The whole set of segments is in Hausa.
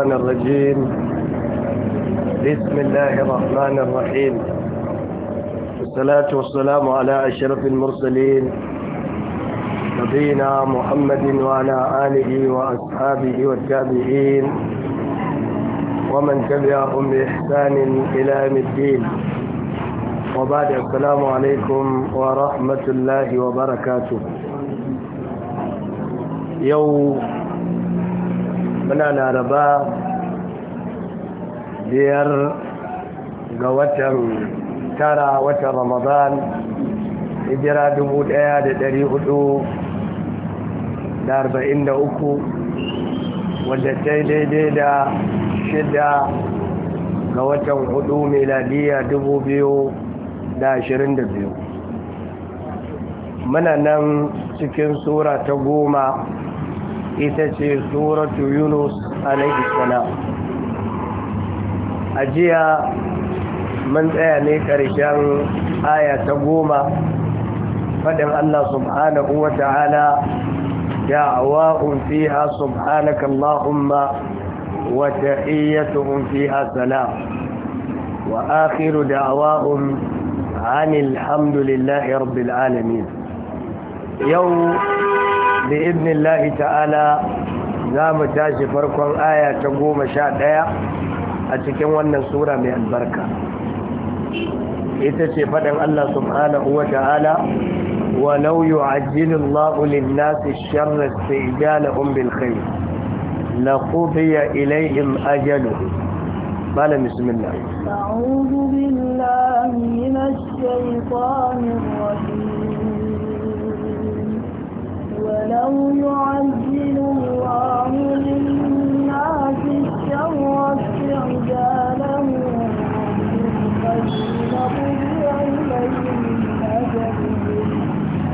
الرحمن الرجيم بسم الله الرحمن الرحيم والصلاة والسلام على أشرف المرسلين نبينا محمد وعلى آله وأصحابه والتابعين ومن تبعهم بإحسان إلى يوم الدين وبعد السلام عليكم ورحمة الله وبركاته يوم muna laraba biyar ga watan tara watan ramadan hijira dubu ɗaya da dari hudu da arba'in da uku wadda ta daidai da shida ga watan hudu meladiya dubu biyu da ashirin da biyu muna nan cikin sura ta goma ita ce suratu yunus alaihi salam a jiya mun tsaya ne ƙarshen aya ta goma faɗin allah subhanahu wa ta'ala da'awa'un fiha subhanaka allahumma wa tahiyyatuhum fiha sana wa akhiru un anil hamdulillahi rabbil alamin yau da ibnin ta'ala za mu tashi farkon aya ta goma sha ɗaya a cikin wannan sura mai albarka ita ce faɗin Allah subhanahu wa ta'ala walau yi wa ajinin la'ulin nasi shirar ta ija na umbin kai na kofiya ilayhim ajalu bala musulmina ta'udu billahi na shaitanin wajen ولو يعجل الله للناس الشر استعجالهم بالخير لقضي إليهم أجلهم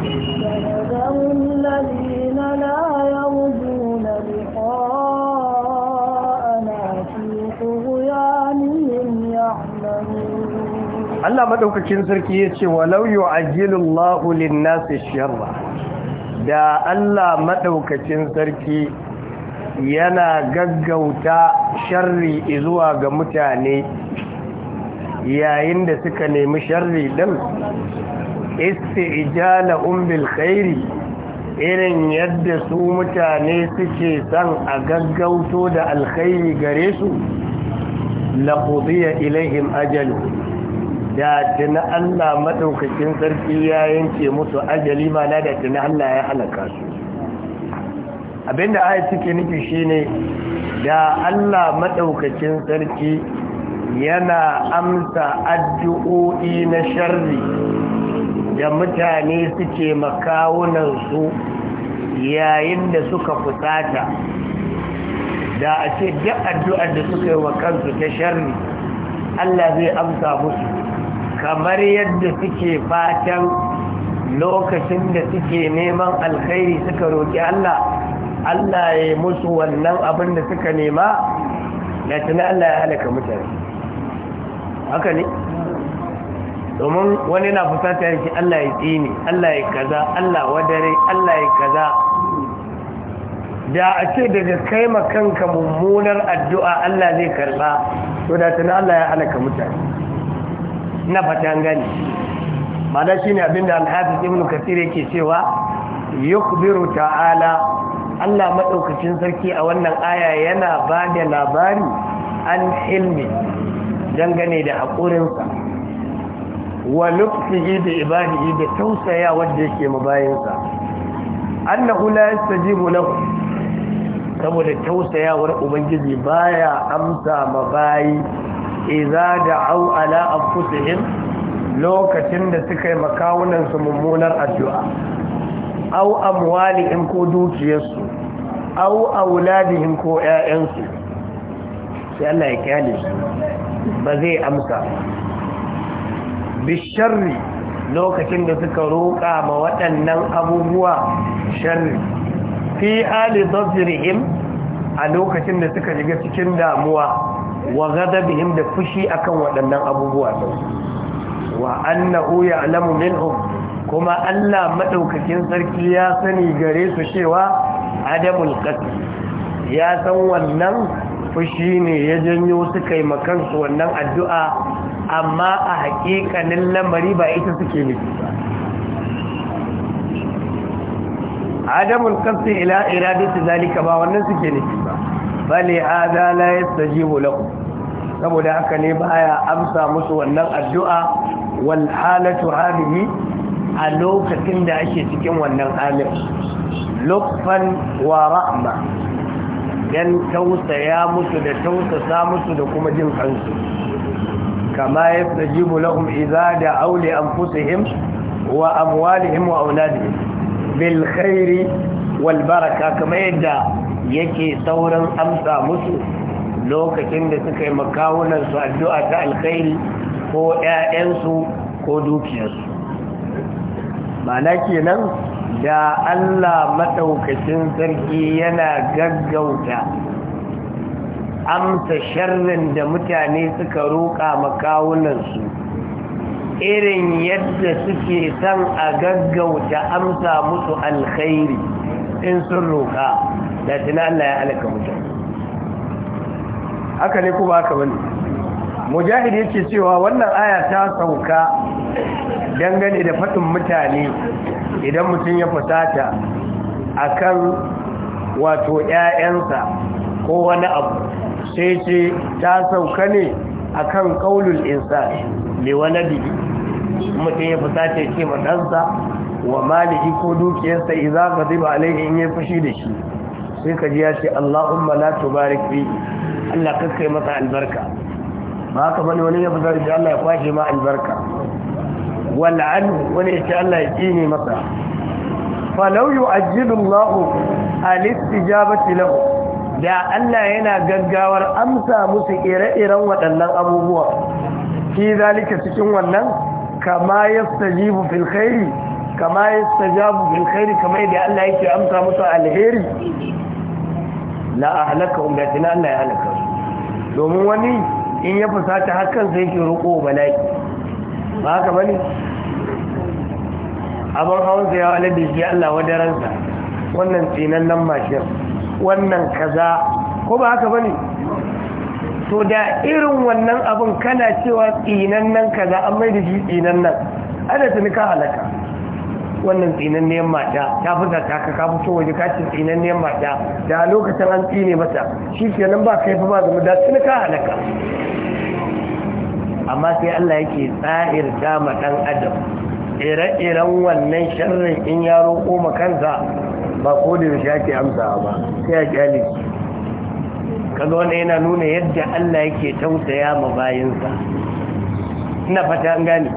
فنذر الذين لا يرجون لقاءنا في طغيانهم يعملون Allah madaukakin sarki yace walau yu'ajjilu Allahu lin-nasi sharra da Allah maɗaukacin sarki yana gaggauta sharri zuwa ga mutane yayin da suka nemi sharri ɗin isti'jala umbil khairi irin yadda su mutane suke son a gaggauto da alkhairi gare su laqudiya ilaihim ajalu da tuna Allah maɗaukakin sarki ya yanke musu ajali mana da tuna Allah ya halaka su abinda ayat take nufi shine da Allah maɗaukakin sarki yana amsa addu'o'i na sharri da mutane suke makawunan su yayin da suka fusata da a ce duk addu'ar da suka yi wa kansu ta sharri Allah zai amsa musu kamar yadda suke fatan lokacin da suke neman alkhairi suka roƙi Allah Allah ya yi musu wannan abin da suka nema da tuni Allah ya halaka mutane haka ne domin wani na fusata yake Allah ya tsini Allah ya kaza Allah wadare Allah ya kaza da a ce daga kai makanka mummunar addu'a Allah zai karba to da tuni Allah ya halaka mutane na fatan gani mana ne abinda al-hafiz ibn kasir yake cewa yukbiru ta'ala Allah maɗaukacin sarki a wannan aya yana ba da labari an ilmi dangane da haƙurinsa wa lufsihi da ibadihi da tausaya wadda yake mabayinsa annahu la yastajibu lahu saboda tausayawar ubangiji baya amsa ma bayi. Iza da au ala anfusihim lokacin da suka yi makawunan su mummunar addu'a Au amwalihim ko dukiyarsu au auladihim ko 'ya'yansu, sai Allah ya kyale su ba zai amsa bisharri lokacin da suka roƙa ma waɗannan abubuwa sharri fi hali zafirihim a lokacin da suka shiga cikin damuwa wa bihim da fushi akan waɗannan abubuwa din wa annahu ya'lamu minhum kuma Allah maɗaukakin sarki ya sani gare su cewa adamul qatl ya san wannan fushi ne ya janyo su kai makansu wannan addu'a amma a haƙiƙanin lamari ba ita suke nufi ba adamul qatl ila iradati zalika ba wannan suke nufi fali hada la yastajibu lahu saboda haka ne baya amsa musu wannan addu'a wal halatu hadhihi a lokacin da ake cikin wannan halin lutfan wa rahma dan tausaya musu da tausasa musu da kuma jin kansu kama yastajibu lahum idza da'aw li anfusihim wa amwalihim wa auladihim bil khairi wal baraka kama yadda yake sauran amsa musu lokacin da suka yi makawunansu addu'a ta alkhairi ko ‘ya'yansu ko dukiyarsu mana kenan da Allah maɗaukacin sarki yana gaggauta amsa sharrin da mutane suka roƙa makawunansu irin yadda suke son a gaggauta amsa musu alkhairi in sun roƙa da na Allah ya alaka mutane haka ne kuma haka bane mujahid yake cewa wannan aya ta sauka dangane da fadin mutane idan mutum ya fusata akan wato ƴaƴansa ko wani abu sai ce ta sauka ne akan qaulul mai li waladihi mutum ya fusata ya ce wa maliki ko dukiyarsa idza ghadiba alaihi in ya fushi da shi sai ka ji ya ce Allahumma la tubarik fi Allah kakkai masa albarka ba haka bane wani ya fitar da Allah ya kwashe ma albarka wal anhu wani ya ce Allah ya kine masa fa law yu'ajjilu Allah al-istijabati lahu da Allah yana gaggawar amsa musu ire-iren waɗannan abubuwa fi zalika cikin wannan kama yastajibu fil khairi kama yastajabu bil khairi kama yadda Allah yake amsa musu alheri la ahlakahum da tana Allah ya halaka su domin wani in ya fusata hakan sai ke roƙo wa bala'i ba haka bane abin hawan sa ya wale da shi Allah daransa. wannan tsinan nan mashin wannan kaza ko ba haka ba ne? to da irin wannan abin kana cewa tsinan nan kaza an mai da shi tsinan nan ana tuni ka halaka wannan tsinanniyar mata ta fita ta ka so waje ka ce tsinanniyar mata da lokacin an tsine mata shi ke nan ba kai fa ba zama da tuni ka halaka amma sai Allah yake tsa'ir ta ma adam ire-iren wannan sharrin in ya roƙo ma kansa ba ko da yaushe ake amsawa ba sai ya kyale kaga wanda yana nuna yadda Allah yake tausaya ma bayansa. ina fata an gane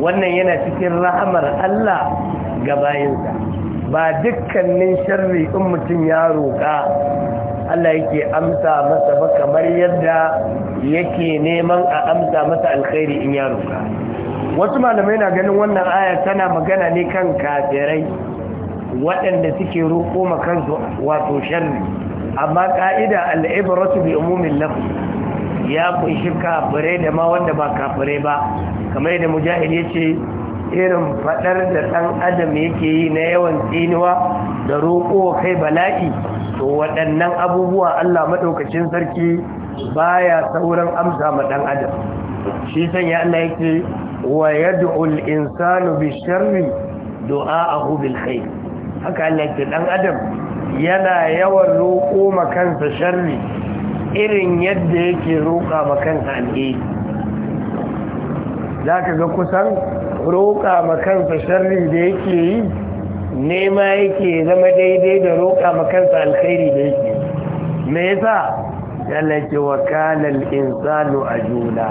wannan yana cikin rahamar Allah ga bayansa ba dukkanin sharri in mutum ya roƙa Allah yake amsa masa ba kamar yadda yake neman a amsa masa alkhairi in ya roƙa wasu malamai na ganin wannan aya tana magana ne kan kafirai waɗanda suke roƙo kansu wato sharri amma ka'ida al'ibratu bi umumin lafzi ya kunshi kafirai da ma wanda ba kafirai ba kamar yadda mujahid ya ce irin fadar da ɗan adam yake yi na yawan tsiniwa da roƙo kai bala'i to waɗannan abubuwa Allah maɗaukacin sarki baya sauran amsa ma ɗan adam shi sanya Allah yake wa yad'ul insanu bi sharri du'a'ahu bil khair haka Allah yake ɗan adam yana yawan roƙo ma kansa sharri irin yadda yake roƙa ma kansa Za ka ga kusan roƙa ma kansa sharrin da yake yi nema yake zama daidai da roƙa ma kansa alkhairi da yake me yasa yalake wa insanu ajula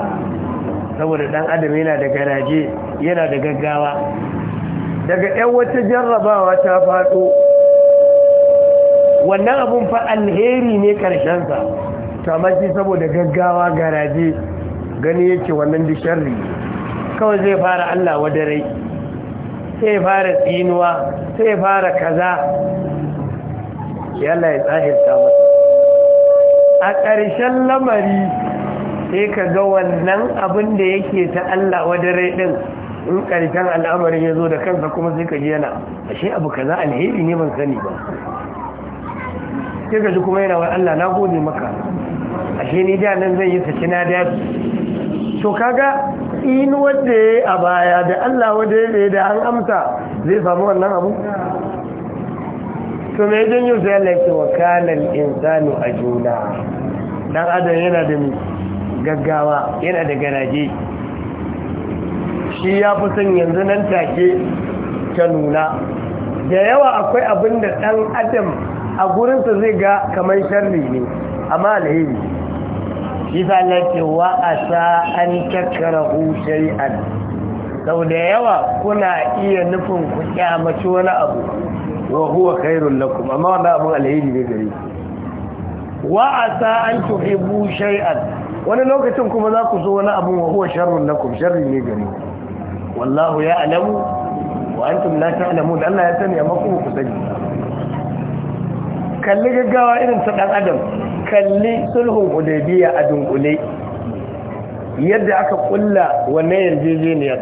saboda dan adam yana da garaje yana da gaggawa daga ɗan wata jarrabawa ta faɗo wannan abun fa alheri ne karshensa to amma shi saboda gaggawa garaje gani yake wannan disharri ne kawai zai fara Allah wadarai sai fara tsinuwa sai fara kaza yalla ya tsahirta mutu a ƙarshen lamari sai ka ga wannan abin da yake ta Allah wadarai din in ƙarshen al'amarin ya zo da kansa kuma sai ka ji yana ashe abu kaza alheri ne ban sani ba sai ka ji kuma yana wa Allah na gode maka ashe ni da nan zan yi saki na da to kaga in wadda ya a baya da Allah wadda ya da an amsa zai samu wannan abu to mai jin sai Allah laifin wa kanan insanu a juna dan adam yana da gaggawa yana da garaje shi ya fi son yanzu nan take ta nuna da yawa akwai abin da ɗan adam a gurinsa zai ga kamar sharri ne amma alheri shi sa ce wa asa an takrahu shay'an sau da yawa kuna iya nufin ku kyamaci wani abu wa huwa khairul lakum amma wannan abun alheri ne gare ku wa asa an tuhibbu shay'an wani lokacin kuma za ku zo wani abu wa huwa sharrun lakum sharri ne gare ku wallahu ya'lamu wa antum la ta'lamun Allah ya sani amma ku ku sani kalli gaggawa irin ta dan adam kalli sulhun hudaybiya a dunkule yadda aka kulla wannan yarjejeniyar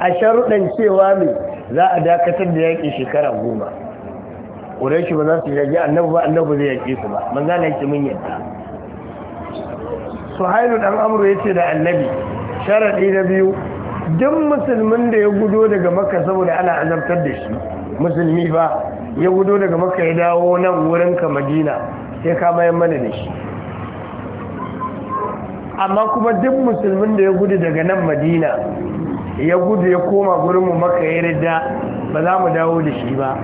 a sharuɗan cewa ne za a dakatar da yaƙi shekara goma shi ba za su yaƙi annabu ba annabu zai yaƙi su ba man zana yake mun yadda su hailu ɗan amuru ya ce da annabi sharaɗi na biyu duk musulmin da ya gudo daga makka saboda ana azabtar da shi musulmi ba ya gudo daga maka ya dawo nan wurin ka madina sai ka mayan mana da shi amma kuma duk musulmin da ya gudu daga nan madina ya gudu ya koma gurinmu maka ya rida ba za mu dawo da shi ba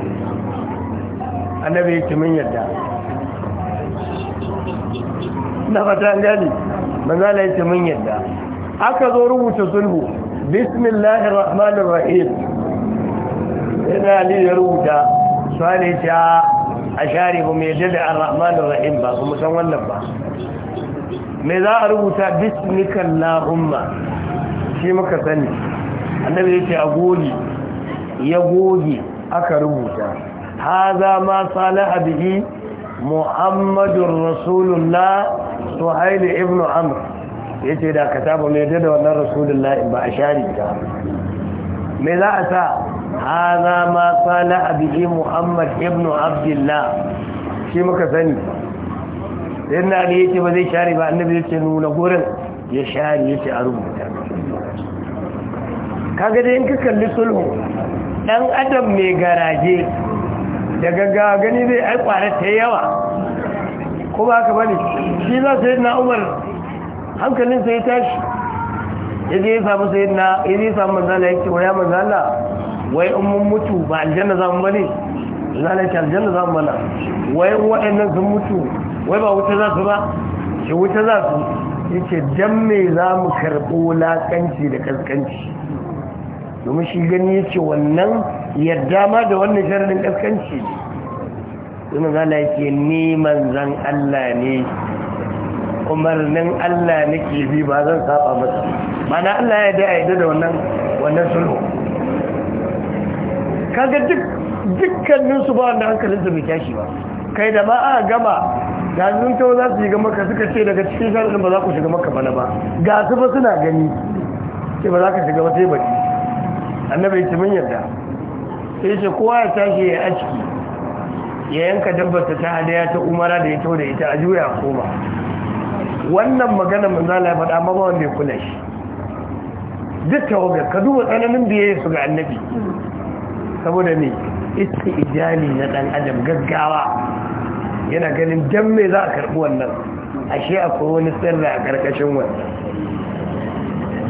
annabi ya min yadda na fata gani la ya min yadda aka zo rubuta sulhu bismillahir rahmanir rahim yana ali ya rubuta sani ta ashari ba mai yadda da ar rahim ba kuma san wannan ba me za a rubuta bismika laumma shi muka sani annabi yace a goge ya goge aka rubuta haza ma salaha bihi muhammadun rasulullah suhail ibn amr yace da kataba mai yadda da wannan rasulullah ba a shari ta me za a sa haza ma kala abihi muhammad ibn abdullah shi muka sani sai na ali yace ba zai share ba annabi yace nuna gurin ya share ya ce a rubuta kaga dai in ka kalli sulhu dan adam mai garaje daga ga gani zai ai kwara ta yawa Kuma ba bane shi za su yi na umar hankalin sai tashi yaje ya samu sai na yaje ya samu manzala yace wa ya manzala wai in mun mutu ba aljanna za mu bane lalace aljanna za mu bana wai waɗannan sun mutu wai ba wuta za su ba Ke wuta za su yake dan me za mu karɓo laƙanci da kaskanci domin shi gani ce wannan yadda ma da wannan sharadin kaskanci ne domin zala yake ni manzan Allah ne umarnin Allah nake bi ba zan saba masa mana Allah ya da ya da wannan wannan sulhu kaga duk dukkaninsu ba wanda su bai tashi ba kai da ba a gama da hannun tawo za su yi gama ka suka ce daga cikin sharaɗin ba za ku shiga maka bana ba ga su ba suna gani ce ba za ka shiga ba sai baki annabi ya ci mun yarda sai ce kowa ya tashi ya aciki ya yanka dabbar ta hadaya ta umara da ya tawo da ita a juya koma wannan magana za ya faɗa ma ba wanda ya kula shi duk tawagar ka duba tsananin biyayya su ga annabi saboda ne isti ijali na ɗan adam gaggawa yana ganin dan me za a karɓi wannan ashe akwai wani sirri a karkashin wannan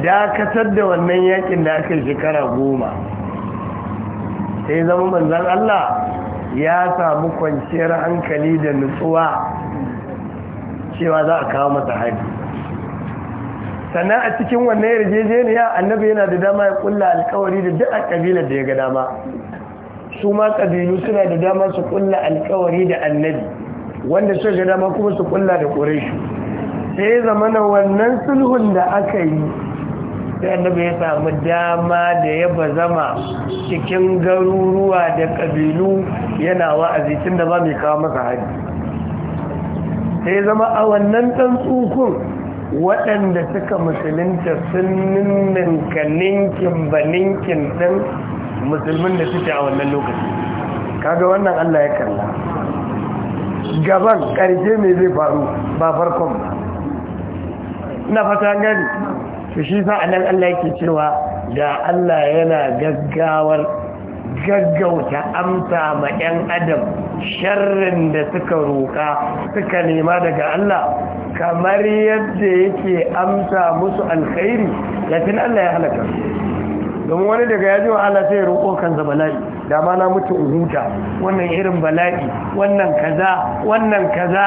dakatar da wannan yakin da aka shekara goma sai zama manzan Allah ya samu kwanciyar hankali da nutsuwa cewa za a kawo masa haihu. sannan a cikin wannan yarjejeniya annabi yana da dama ya kulla alkawari da duk a kabilar da ya ga dama su ma ƙabilu suna da dama su kulla alkawari da annabi wanda suka ga dama kuma su kulla da ƙureshi sai zamanin wannan sulhun da aka yi sai annabi ya samu dama da ya zama cikin garuruwa da ƙabilu yana wa'azi tun da ba mai kawo masa haji. sai zama a wannan ɗan tsukun waɗanda suka musulunta sun ninninka ninkin ba ninkin ɗin musulmin da suke a wannan lokaci kaga wannan Allah ya kalla gaban karfe mai zai faru ba farkon ba na fata gani to shi sa anan Allah yake cewa da Allah yana gaggawar gaggauta amsa ma 'yan adam sharrin da suka roƙa suka nema daga Allah kamar yadda yake amsa musu alkhairi lakin Allah ya halaka domin wani daga ya ji wahala sai ya roƙo kansa bala'i da ma na mutu in huta wannan irin bala'i wannan kaza wannan kaza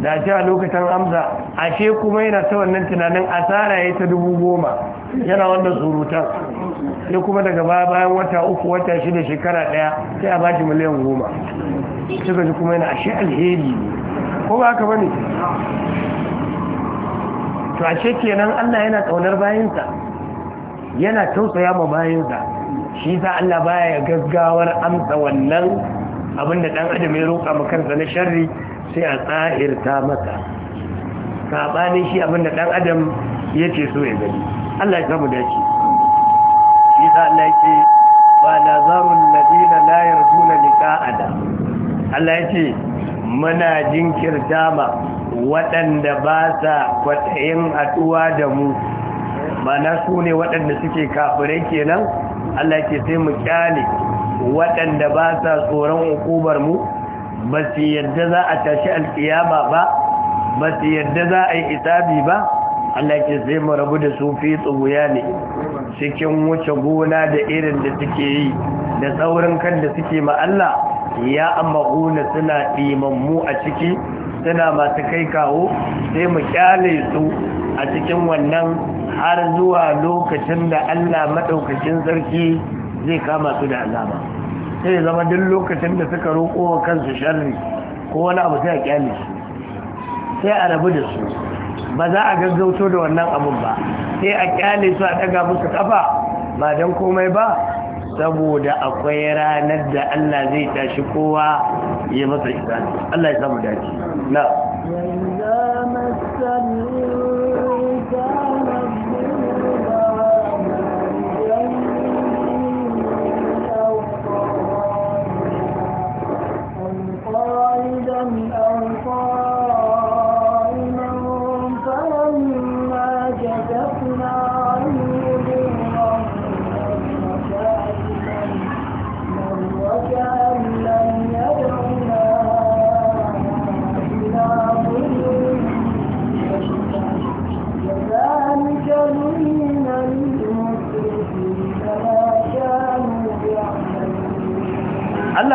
da ce a lokacin amsa ashe kuma yana ta wannan tunanin asara ya ta dubu goma yana wanda surutan sai kuma daga bayan wata uku wata shida shekara daya sai a ba shi miliyan goma suka ji kuma yana ashe alheri ko ba haka bane to ashe kenan Allah yana kaunar bayinsa yana tausaya ma bayansa shi ta Allah baya gaggawar amsa wannan abinda dan adam ya roƙa ma kansa na sharri sai a tsahirta maka, sabanin shi abinda dan adam ya yake so ya gani Allah ya samu dace shi sa Allah yake ba nazarul ladina la yarjuna da, Allah yake muna jinkirta ma waɗanda ba sa kwatsayin haɗuwa da mu mana su ne waɗanda suke kafirai kenan Allah ke sai mu kyale waɗanda ba sa tsoron hukumar mu ba su yadda za a tashi alkiyama ba ba su yadda za a yi isabi ba Allah ke sai mu rabu da su fi tsohuya ne cikin wuce gona da irin da suke yi da saurin kan da suke ma Allah ya amma suna ɗimammu a ciki suna masu kai kawo sai mu kyale su a cikin wannan har zuwa lokacin da Allah maɗaukacin sarki zai kama su da azaba sai zama duk lokacin da suka roƙo wa kansu sharri ko wani abu sai a kyale su sai a rabu da su ba za a gaggauto da wannan abun ba sai a kyale su a ɗaga musu kafa ba don komai ba saboda akwai ranar da Allah zai tashi kowa ya masa isa Allah ya samu dace na وإذا مس من أنصار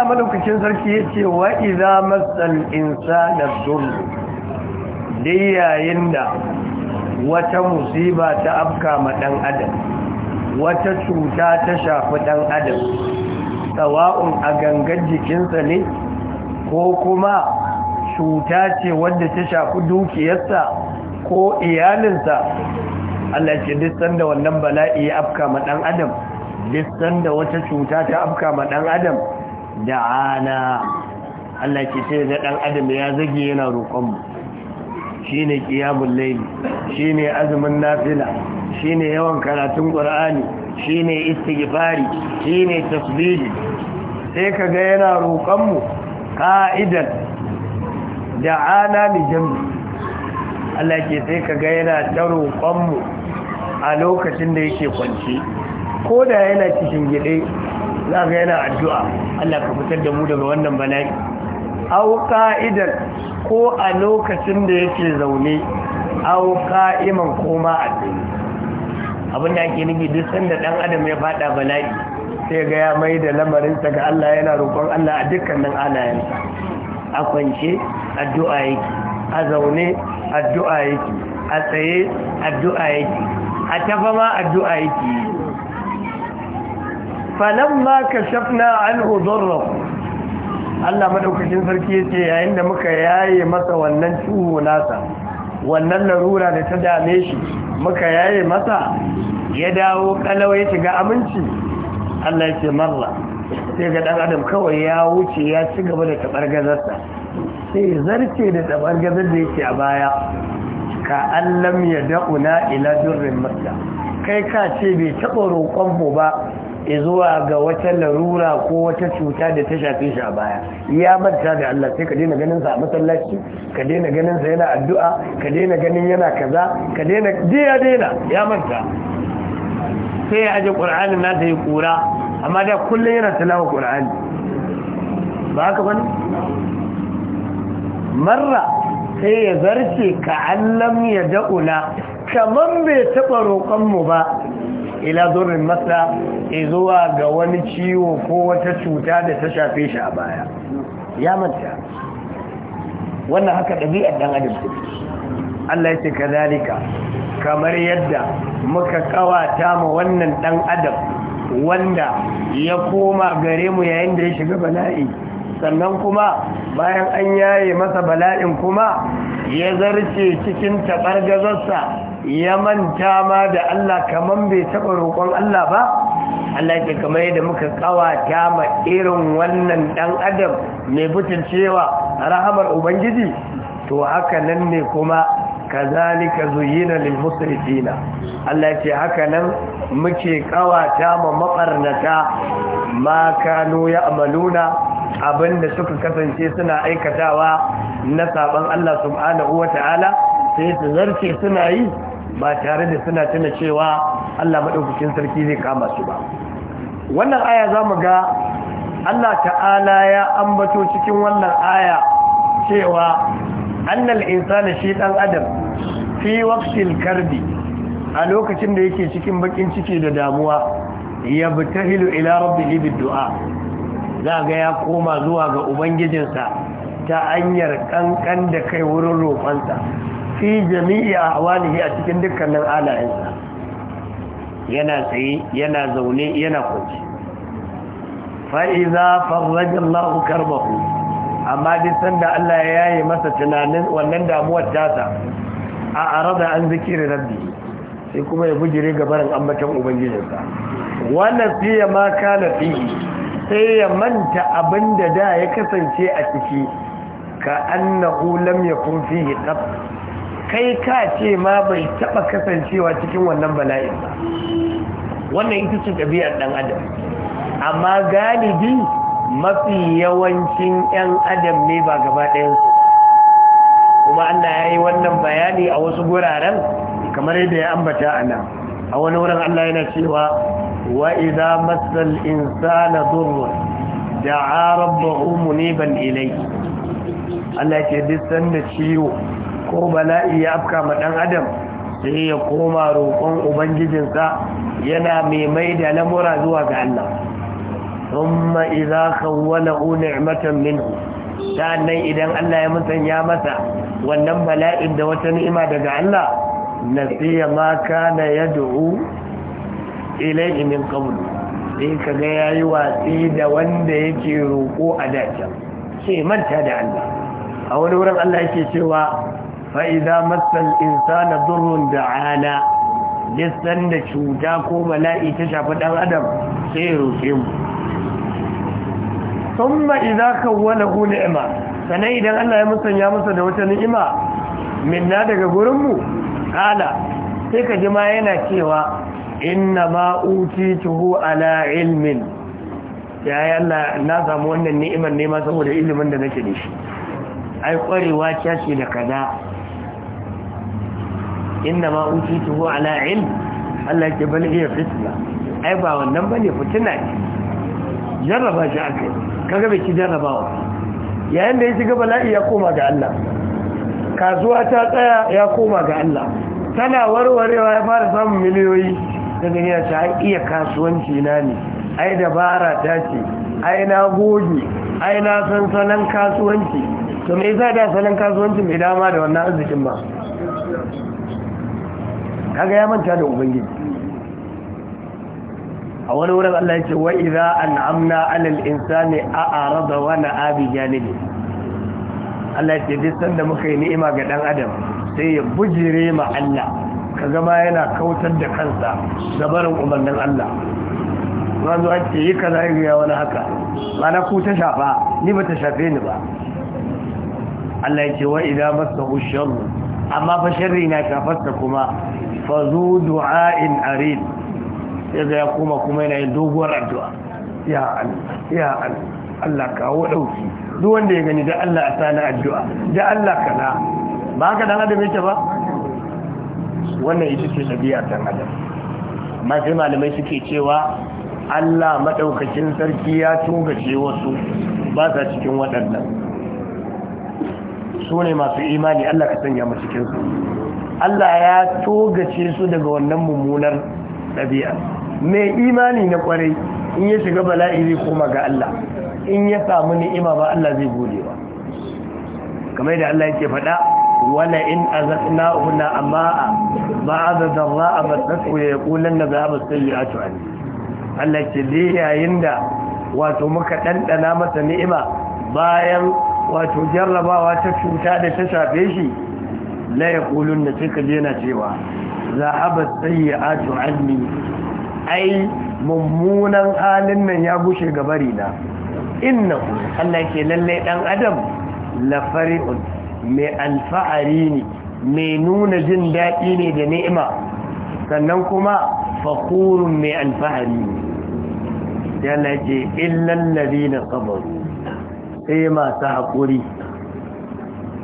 Allah sarki ya ce wa iza matsal insa dhurr dai yayin da wata musiba ta afka ma dan adam wata cuta ta shafi dan adam sawa'un a gangar jikinsa ne ko kuma cuta ce wanda ta shafi dukiyarsa ko iyalinsa Allah ce duk sanda wannan bala'i ya afka ma dan adam duk sanda wata cuta ta afka ma dan adam da'ana Allah ke ce ga dan adam ya zage yana roƙon mu shine qiyamul layl shine azumin nafila shine yawan karatun qur'ani shine istighfari shine tasbih sai ka ga yana roƙon mu qa'idan da'ana li jambi Allah ke sai ka ga yana ta roƙon mu a lokacin da yake kwanci ko da yana cikin gide za ga yana addu'a Allah ka fitar da mu daga wannan bala'i aw qa'idan ko a lokacin da yake zaune aw ka'iman koma a tsaye abin da yake nufi duk sanda dan adam ya fada bala'i sai ga ya mai da lamarinsa ga Allah yana roƙon Allah a dukkanin alayensa a kwance addu'a yake a zaune addu'a yake a tsaye addu'a yake a tafa ma addu'a yake falamma kashafna anhu darra Allah madaukakin sarki yace yayin da muka yaye masa wannan ciwo nasa wannan larura da ta dame shi muka yaye masa ya dawo kalawa ya shiga aminci Allah yace marra sai ga dan adam kawai ya wuce ya ci gaba da tabargazarsa sai zarce da tabargazar da yake a baya ka allam ya da'una ila durrin makka kai ka ce bai taɓa roƙon ba zuwa ga wata larura ko wata cuta da ta shafe shi a baya ya manta da Allah sai ka daina ganin sa a masallaci ka daina ganin sa yana addu'a ka daina ganin yana kaza ka daina ya daina ya manta sai ya aje qur'anin na ta yi kura amma da kullum yana tilawa qur'ani ba ka bani marra sai ya zarce ka allam ya da'ula kaman bai taɓa roƙonmu ba ila zurrin masa zuwa ga wani ciwo ko wata cuta da ta shafe shi a baya ya manta wannan haka ɗabi'ar ɗan adam ce Allah ya ce kazalika kamar yadda muka kawata mu wannan ɗan adam wanda ya koma gare mu yayin da ya shiga bala'i sannan kuma bayan an yaye masa bala'in kuma ya zarce cikin taɓar gazarsa ya manta ma da Allah kamar bai taɓa roƙon Allah ba Allah ke kamar yadda muka kawata ma irin wannan ɗan adam mai butun cewa rahamar ubangiji to haka nan ne kuma kazalika zuyina lil musrifina Allah ce haka nan muke kawata ma maɓarnata ma kanu amaluna, abinda suka kasance suna aikatawa na saban Allah subhanahu wata'ala sai su zarce suna yi ba tare da suna tuna cewa Allah maɗaukakin sarki zai kama su ba wannan aya za mu ga Allah ta'ala ya ambato cikin wannan aya cewa annal insana shi ɗan adam fi waqtil karbi a lokacin da yake cikin bakin ciki da damuwa ya bitahilu ila rabbihi biddu'a za ga ya koma zuwa ga ubangijinsa ta hanyar kankan da kai wurin roƙonsa fi jami'i a hawalihi a cikin dukkanin alayensa yana tsaye yana zaune yana kwanci fa'iza farrajin la'ukar baku amma disan da Allah ya yi masa tunanin wannan damuwar tasa a arada an zikiri rabbi sai kuma ya bujire gabarin ambatan ubangijinsa wannan fiye ma na fiye sai ya manta abin da da ya kasance a ciki ka annahu lam yakun fihi qat kai ka ce ma bai taɓa kasancewa cikin wannan bala'i ba wannan ita ce ɗabi'ar ɗan adam amma galibi mafi yawancin 'yan adam ne ba gaba ɗayansu kuma allah ya yi wannan bayani a wasu guraren kamar yadda ya ambata a nan a wani wurin allah yana cewa wa idza masal insana rabba da'a rabbahu muniban ilayhi Allah ke duk sanda ciwo ko bala'i ya afka ma ɗan adam sai ya koma roƙon ubangijinsa yana mai mai da lamura zuwa ga Allah thumma izaka khawwalahu ni'matan minhu sannan idan Allah ya musanya masa wannan bala'in da wata ni'ima daga Allah nasiya ma kana yad'u ilayhi min qablu sai kaga yayi watsi da wanda yake roƙo a dace sai manta da Allah a wani wurin Allah yake cewa fa'iza matsal insana durrun da ana distan da cuta ko bala'i ta shafi ɗan adam sai ya roƙe mu sun ma'iza kawwala hu ni'ima sannan idan allah ya musanya masa da wata ni'ima minna daga gurinmu ƙala sai ka ji ma yana cewa inna ma'uti tuhu ala ilmin ya allah na samu wannan ni'imar nema saboda ilimin da nake da shi ai kwarewa ce da kaza inna ma utituhu ala ilm Allah ke bal iya fitna ai ba wannan bane fitina ne. jarraba shi akai kaga bai ki jarrabawa yayin da ya shiga bala'i ya koma ga Allah kasuwa ta tsaya ya koma ga Allah tana warwarewa ya fara samun miliyoyi da duniya ta iya kasuwanci na ne ai dabara ta ce ai na goge ai na san sanan kasuwanci to me yasa da sanan kasuwanci mai dama da wannan arzikin ba kaga ya manta da ubangiji a wani wurin Allah ya ce wa idza an'amna 'alal insani a'rada wa na'a bi janibi Allah ya ce duk sanda muka yi ni'ima ga dan adam sai ya bujire ma Allah kaga ma yana kautar da kansa da barin umarnin Allah wanzu an ce yi kaza yi ya wani haka mana ku ta shafa ni ba ta shafe ni ba Allah ya ce wa idza masahu sharru amma fa sharri na kafarta kuma fa zu du'a'in arid sai ya kuma kuma yana yin doguwar addu'a ya Allah ya Allah Allah kawo dauki duk wanda ya gani da Allah a sana addu'a da Allah kana ba haka dan adam yake ba wannan ita ce dabi'a tan adam amma sai malamai suke cewa Allah madaukakin sarki ya ce wasu ba sa cikin waɗannan su ne masu imani Allah ka sanya masu cikin Allah ya togace su daga wannan mummunar ɗabi'a mai imani na kwarai in ya shiga bala'i zai koma ga Allah in ya samu ni'ima ba Allah zai gode ba kamar da Allah yake faɗa wala in azaqna huna amaa ba'da dharra'a matasqu yaqulan na zaba sayyi'atu an Allah ke dai yayin da wato muka ɗanɗana masa ni'ima bayan wato jarrabawa ta cuta da ta shafe shi la kulun da suka jena cewa za a ba tsaye a tu'anni ai mummunan halin nan ya gushe gabari na inna Allah ke lallai dan adam la mai alfa'ari ne mai nuna jin daɗi ne da ni'ima sannan kuma fakurun mai alfahari ne yana ce illan na kabaru sai masu haƙuri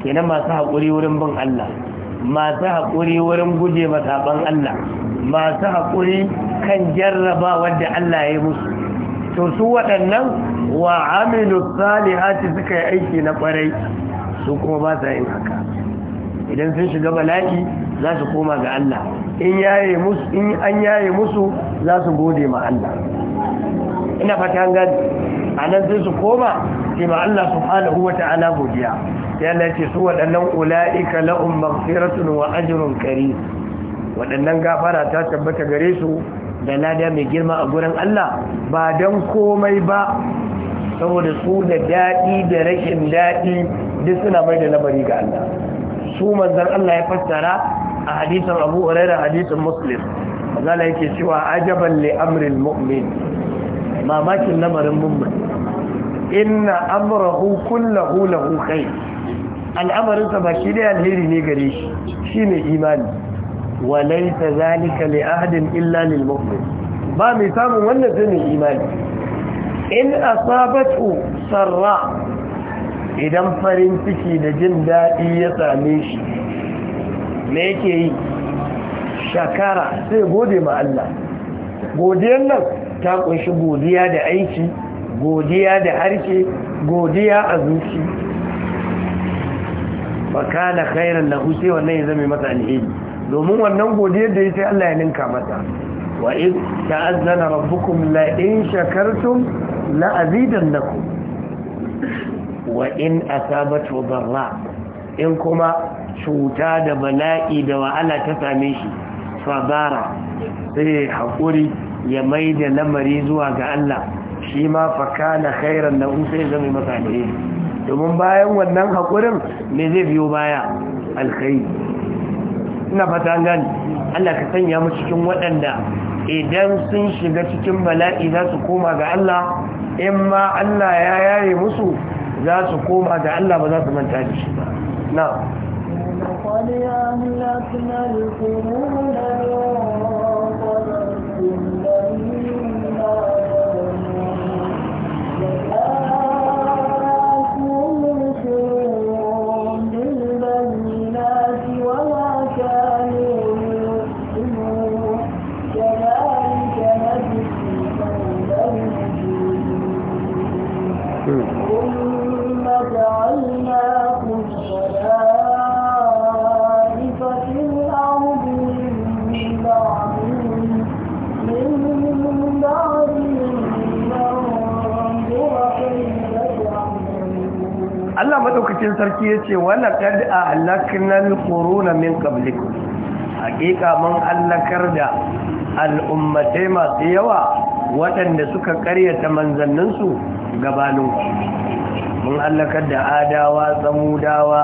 kenan masu haƙuri wurin bin Allah masu haƙuri wurin guje matsaban Allah masu haƙuri kan jarraba wadda Allah ya yi musu to su waɗannan wa amilu salihati suka yi aiki na ƙwarai su kuma ba sa yin haka idan sun shiga bala'i za su koma ga Allah in an yaye musu za su gode ma Allah ina fata gani a nan sai su koma sai ma Allah subhanahu wa ta'ala godiya ya lace su waɗannan ula'ika la'um maghfiratun wa ajrun karim waɗannan gafara ta tabbata gare su da lada mai girma a gurin Allah ba don komai ba saboda su da daɗi da rashin daɗi duk suna mai da labari ga Allah su manzan Allah ya fassara a hadisan Abu Hurairah hadisan Muslim Allah yake cewa ajaban li amril mu'min mamakin lamarin mu'min inna amrahu kullahu lahu khair al'amarinsa ba shi alheri ne gare shi shine imani wa laysa zalika li ahadin illa lil mu'min ba mai samun wannan zai imani in asabatu sarra idan farin ciki da jin daɗi ya same shi me yake yi shakara sai gode ma Allah godiyar nan ta kunshi godiya da aiki godiya da harshe godiya a zuci ba na khairan na sai wannan ya zama masa alheri domin wannan godiyar da ya sai Allah ya ninka mata. wa in ta'azzana rabbukum la in shakartum la azidannakum wa in asabatu dharra in kuma cuta da bala'i da wa'ala ta same shi sabara sai hakuri ya mai da lamari zuwa ga Allah shi ma na khairan na sai zama masa alheri domin bayan wannan haƙurin me zai biyo baya alkhairi ina fata gani Allah ka sanya mu cikin waɗanda idan sun shiga cikin bala'i za su koma ga Allah in ma Allah ya yare musu za su koma ga Allah ba za su manta da shi ba na قد أهلكنا القرون من قبلكم maɗaukakin sarki ya ce wala kad a halaknan korona min kabliku hakika mun halakar da al'ummatai masu yawa waɗanda suka karyata manzanninsu gabanin mun halakar da adawa tsamudawa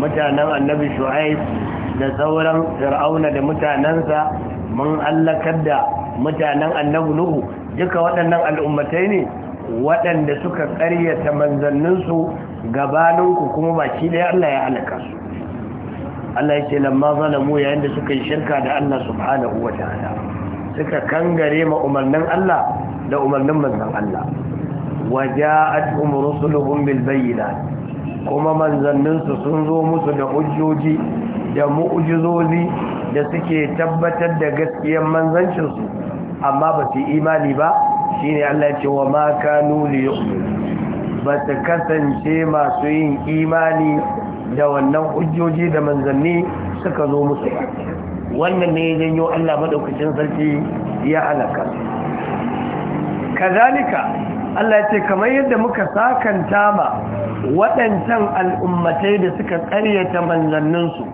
mutanen annabi shu'aib da sauran fir'auna da mutanensa mun allakar da mutanen annabi nuhu duka waɗannan al'ummatai ne waɗanda suka karyata manzanninsu gabaninku kuma shi ne Allah ya halaka su Allah ya ce lamma zalamu yayin da suka yi shirka da Allah subhanahu wataala suka kangare ma umarnin Allah da umarnin manzon Allah waja'atuhum rusuluhum bil bayyinat kuma manzanninsu sun zo musu da hujjoji da mu'jizozi da suke tabbatar da gaskiyar manzancinsu amma ba su imani ba shine Allah ya ce wa ma kanu liyu'minu ba ta kasance masu yin imani da wannan hujjoji da manzanni suka zo musu ba. wannan ne ya janyo Allah maɗaukacin sarki ya halaka kazalika Allah ya ce kamar yadda muka sakanta ba waɗancan al'ummatai da suka tsariyata manzanninsu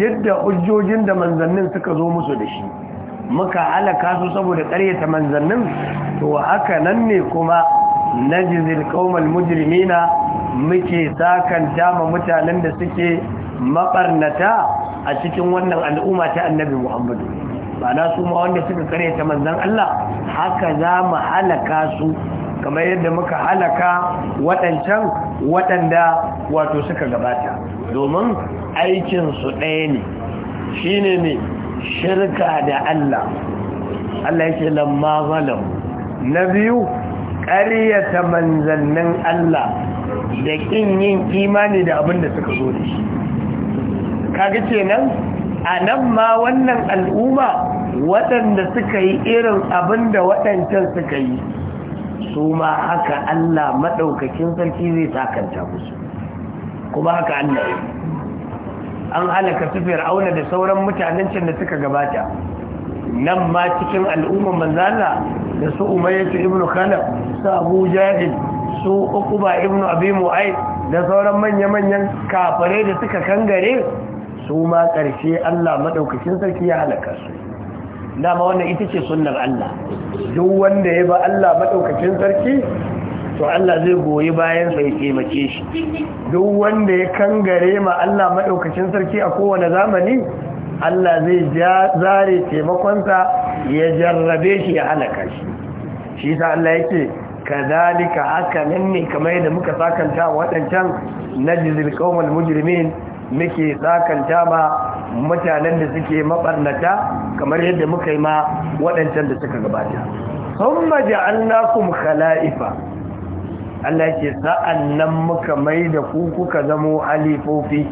duk da hujjojin da manzannin suka zo musu da shi muka halaka su saboda tsariyata manzannin to haka nan ne kuma najzil qaumal mujrimina muke sakanta ma mutanen da suke mabarnata a cikin wannan al'umma ta annabi Muhammadu ma'ana su ma wanda suka kare ta manzon Allah haka za mu halaka su kamar yadda muka halaka waɗancan waɗanda wato suka gabata domin aikinsu ɗaya ne shi ne ne shirka da Allah Allah yake lamma zalam na biyu ƙaryata manzannin Allah da ƙin yin imani da abin da suka zo da shi kaga kenan a nan ma wannan al'umma waɗanda suka yi irin abin da waɗancan suka yi su ma haka Allah maɗaukakin sarki zai takanta musu kuma haka Allah an halaka su fir'auna da sauran mutanen can da suka gabata nan ma cikin al'umman manzala da su umayyatu Ibn khalaf su abu jahil su uquba ibnu abi mu'ayd da sauran manya-manyan kafare da suka kangare su ma ƙarshe Allah maɗaukacin sarki ya halaka su dama wannan ita ce sunnar Allah duk wanda ya ba Allah maɗaukacin sarki to Allah zai goyi bayan sai taimake shi duk wanda ya kangare ma Allah maɗaukacin sarki a kowane zamani Allah zai zare taimakonsa ya jarrabe shi ya halaka shi shi sa Allah yake kadhalika haka nan ne kamar yadda muka sakanta waɗancan najzil qaumal mujrimin muke sakanta ma mutanen da suke mabarnata kamar yadda muka yi ma waɗancan da suka gabata thumma ja'alnakum khala'ifa Allah sa'an sa'annan muka mai da ku kuka zamo alifofi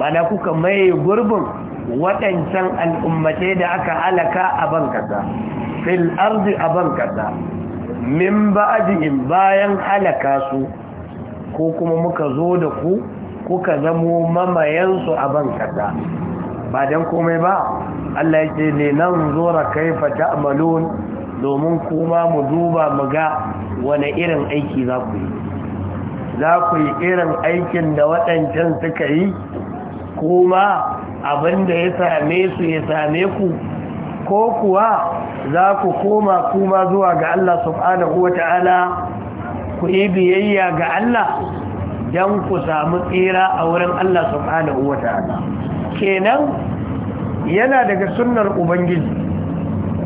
mana kuka mai gurbin waɗancan al'ummatai da aka halaka a ban ƙasa fil arzi a ban kasa min ba'adihim bayan halaka su ko kuma muka zo da ku kuka zamo mamayensu a ban ƙasa. ba don komai ba Allah ya ce ne nan zora fata amalon domin kuma mu duba mu ga wani irin aiki za ku yi za ku yi irin aikin da waɗancan suka yi kuma abinda ya same su ya same ku ko kuwa za ku koma kuma zuwa ga Allah subhanahu wa ta'ala ku yi biyayya ga Allah don ku samu tsira a wurin Allah subhanahu wa ta'ala kenan yana daga sunnar ubangiji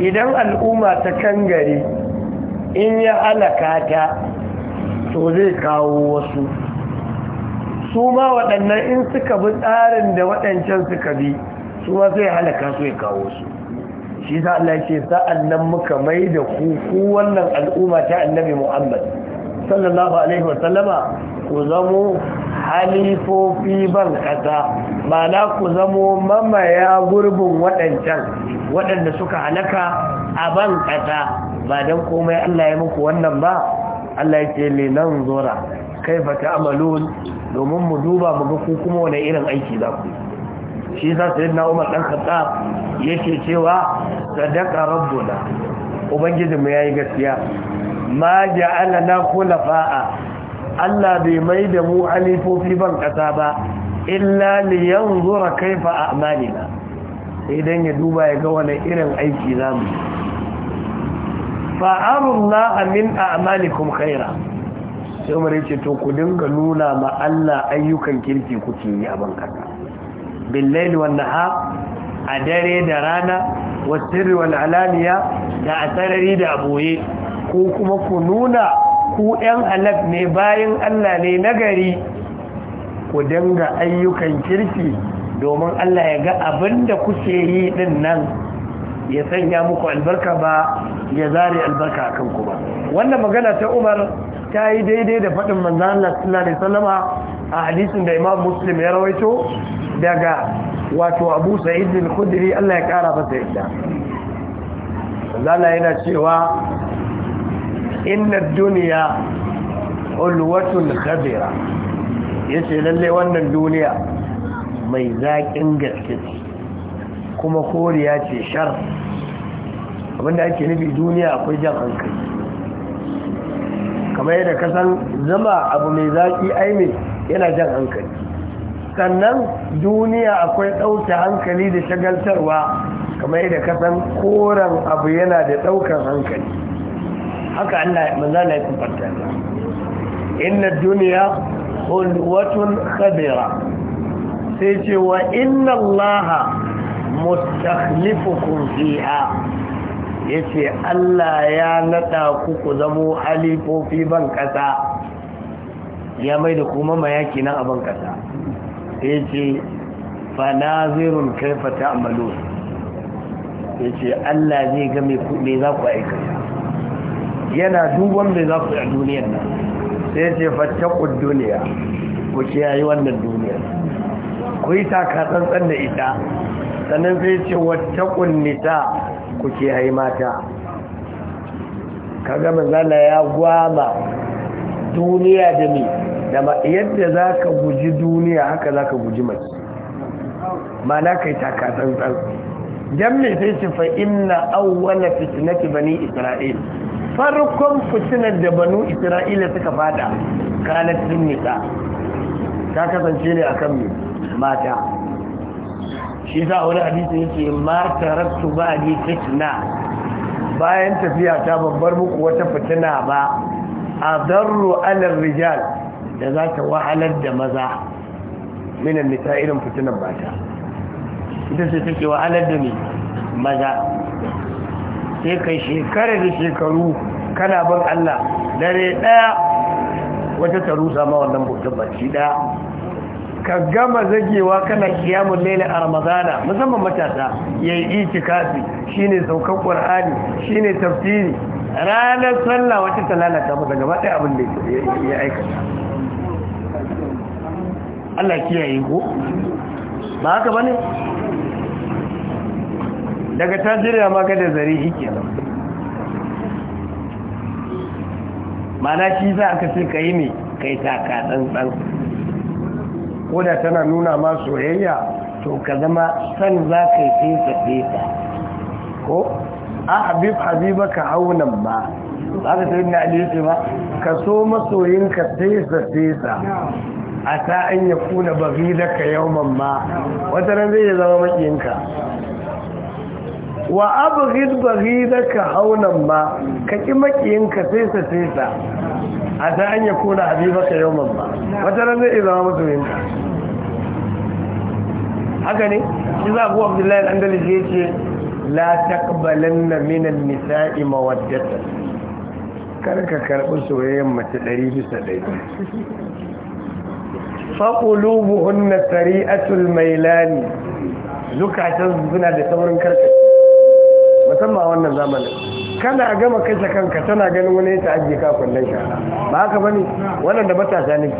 idan al'umma ta kangare in ya halaka ta to zai kawo wasu su ma waɗannan in suka bi tsarin da waɗancan suka bi su ma sai halaka su ya kawo su shi ta Allah ce sa'an nan muka mai da ku ku wannan al'umma ta annabi Muhammad sallallahu alaihi wa ku zamo halifofi ban kasa ku zamo mamaya gurbin waɗancan waɗanda suka halaka a ban ƙasa ba don komai Allah ya muku wannan ba Allah ya ce linan zora. kaifa ta'malun domin mu duba mu ga ku kuma wani irin aiki za ku shi yasa sayyidina Umar dan Khattab yake cewa sadaqa rabbuna Ubangiji mu yayi gaskiya ma na khulafa'a Allah bai mai da mu alifofi ban kasa ba illa liyanzura kaifa a'malina idan ya duba ya ga wani irin aiki za fa'arun na amin amalikum khaira sai umar ya ce to ku dinga nuna ma Allah ayyukan kirki kuke yi a bankasa billahi wan ha a dare da rana wasirri wal alaniya da asarari da aboye ko kuma ku nuna ku ɗan halak ne bayan Allah ne nagari ku dinga ayyukan kirki domin Allah ya ga abinda kuke yi din nan ya sanya muku albarka ba ya zare albarka a kanku ba wannan magana ta umar ta yi daidai da faɗin manzan Allah da salama a hadisin da Imam Muslim ya rawaito daga wato Abu Sa'id al kudiri Allah ya kara sai yadda zala yana cewa inna duniya ulwatun khabira ce lalle wannan duniya mai zaƙin gaske kuma koriya ce shar abinda ake nufi duniya akwai jan hankali kamar yadda ka san zama abu mai zaƙi aime yana jan hankali sannan duniya akwai ɗauke hankali da shagaltarwa kamar yadda ka san koren abu yana da ɗaukar hankali haka Allah manzana ya kumfanta inna duniya hulwatun khabira sai cewa, wa inna allaha mustakhlifukum fiha ya ce Allah ya naɗa ku ku zamo alifofi ban ƙasa ya mai da kuma mayaki nan a ban ƙasa ya ce fanazirun kaifa ta amalo ya ce Allah zai ga mai za ku aikata yana duban mai za ku a duniyar nan sai ya ce fattakun duniya ku kiyaye wannan duniyar ku yi taka tsantsan da ita sannan sai ce wattakun nita kuke hai mata kaga manzala ya gwama duniya da ni da yadda za ka guji duniya haka za ka guji mace mana kai taka tsantsan don me sai ce fa inna awwala fitnati bani isra'il farkon fitinar da banu isra'ila suka fada kanat nisa ta kasance ne akan mata shi za wani hadisi yake mata taraktu ba ni fitna bayan tafiya ta babbar muku wata fitina ba adarru ala rijal da za ta wahalar da maza minan nisa irin fitinan mata ita ce take wahalar da ni maza sai kai shekara da shekaru kana bin Allah dare daya wata ta rusa ma wannan bautar daya ka gama zagewa kana kiyamun laila a ramadana musamman matasa ya yi shi shine saukan shi shine tafsiri ranar sallah wata ta lalata ba daga matsayi abin da ya aikata Allah kiyaye ko ba haka ba ne? daga tajiriya ma gada zare ba, nan mana shi za ka kashe ka yi ne kai taka ɗan ɗan Koda tana nuna ma soyayya to ka zama san za ka yi fesa fesa ko a habib habiba ka haunan ba za ka sai na alisi ba ka so masoyinka fesa fesa a ta an kuna babi da ka ma wata ran zai zama makiyinka wa abghid baghidaka haulan ma ka ki makiyinka sai sa sai sa a ta an ya kuna habibaka yawman ba wata ran zai zama musulminka haka ne shi za ku abdullahi al-andalus ya ce la taqbalanna min an-nisa'i mawaddata. kar ka karbi soyayyen mace 100 bisa 100 faƙulubuhun na tsari'atul mailani zukatan suna da saurin karka musamman a wannan zamanin kana gama kashe kanka tana ganin wani ta ajiye ka kullun shara ba haka bane wannan da matasa ne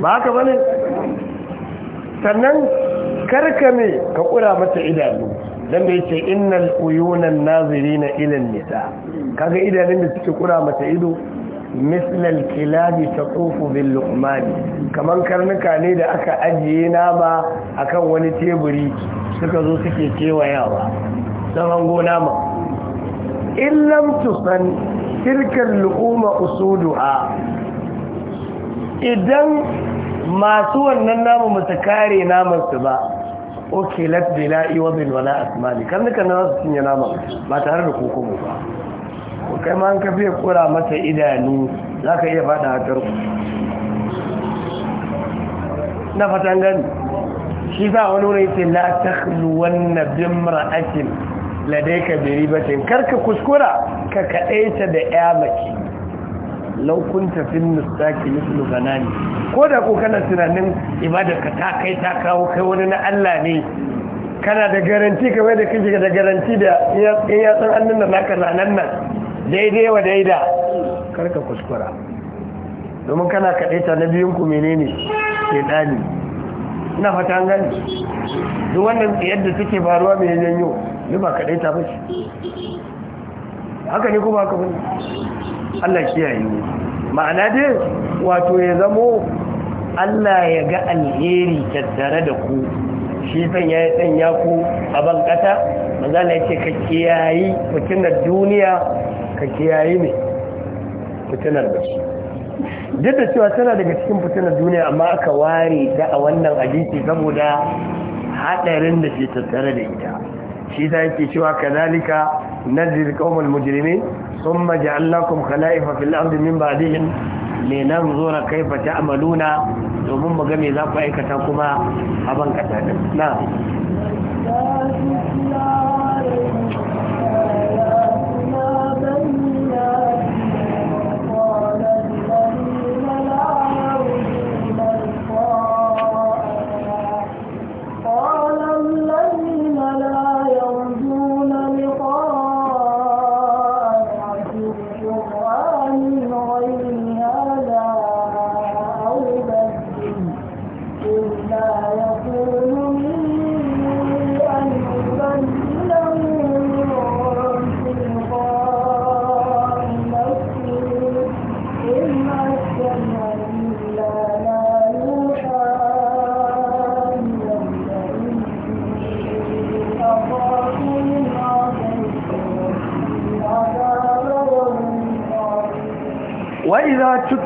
ba haka bane sannan karkame ka kura mata idanu dan da yace innal uyunan nazirina ilan nisa kaga idanun da suke kura mata ido mislal kilabi ta tsofu bin lukmani kamar karnuka ne da aka ajiye nama akan wani teburi suka zo suke kewayawa don hango nama in lam tusan tilkar lu'uma usuduha idan masu wannan namu masu kare namansu ba oke lat bila'i wa bil wala asmani karnukan na za cinye naman ba tare da kokobo ba kai ma an ka kura mata idanu za ka iya fada a turku. na fatan gani shi za a wani wurin ce la ta hluwan na bimra ake ladai ka biri batin karka kuskura ka kaɗai ta da ya mace laukunta fin nustaki mislu banani ko da ko kana tunanin ibadar ka ta kai ta kawo kai wani na Allah ne kana da garanti kamar da kake da garanti da in ya da annan naka nan daidai wa daida karka kuskura domin kana kaɗaita na biyunku menene ɗani ina fata an gani duk wannan yadda suke faruwa mai janyo duk ba kaɗaita ba haka ne kuma haka ba Allah kiyaye ne ma'ana dai wato ya zamo Allah ya ga alheri tattare da ku shi san ya yi sanya ku a bankata manzana na ce ka kiyaye mutum da duniya ka kiyaye ne fitinar da su duk da cewa tana daga cikin fitinar duniya amma aka ware ta a wannan hadisi saboda hadarin da ke tattare da ita shi ta yake cewa kazalika nazir qaumul mujrimin thumma ja'alnakum khala'ifa fil ardi min ba'dihim linanzura kayfa ta'maluna domin mu ga za ku aikata kuma a ban kasa din na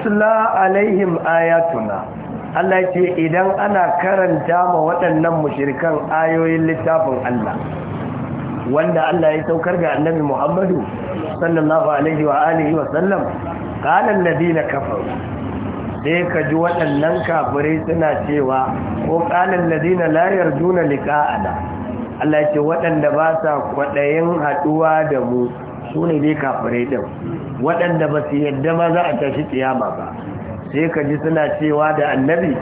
tutla alaihim ayatuna Allah ce idan ana karanta ma waɗannan mushirkan ayoyin littafin Allah wanda Allah ya saukar ga annabi Muhammadu sallallahu alaihi wa alihi wa sallam qalan ladina kafaru sai ka ji waɗannan kafirai suna cewa ko qalan layar la yarduna liqa'ana Allah ce waɗanda ba sa kwaɗayin haɗuwa da mu su ne dai kafirai ɗau waɗanda ba su yadda ma za a tashi tsiyama ba sai ka ji suna cewa da annabi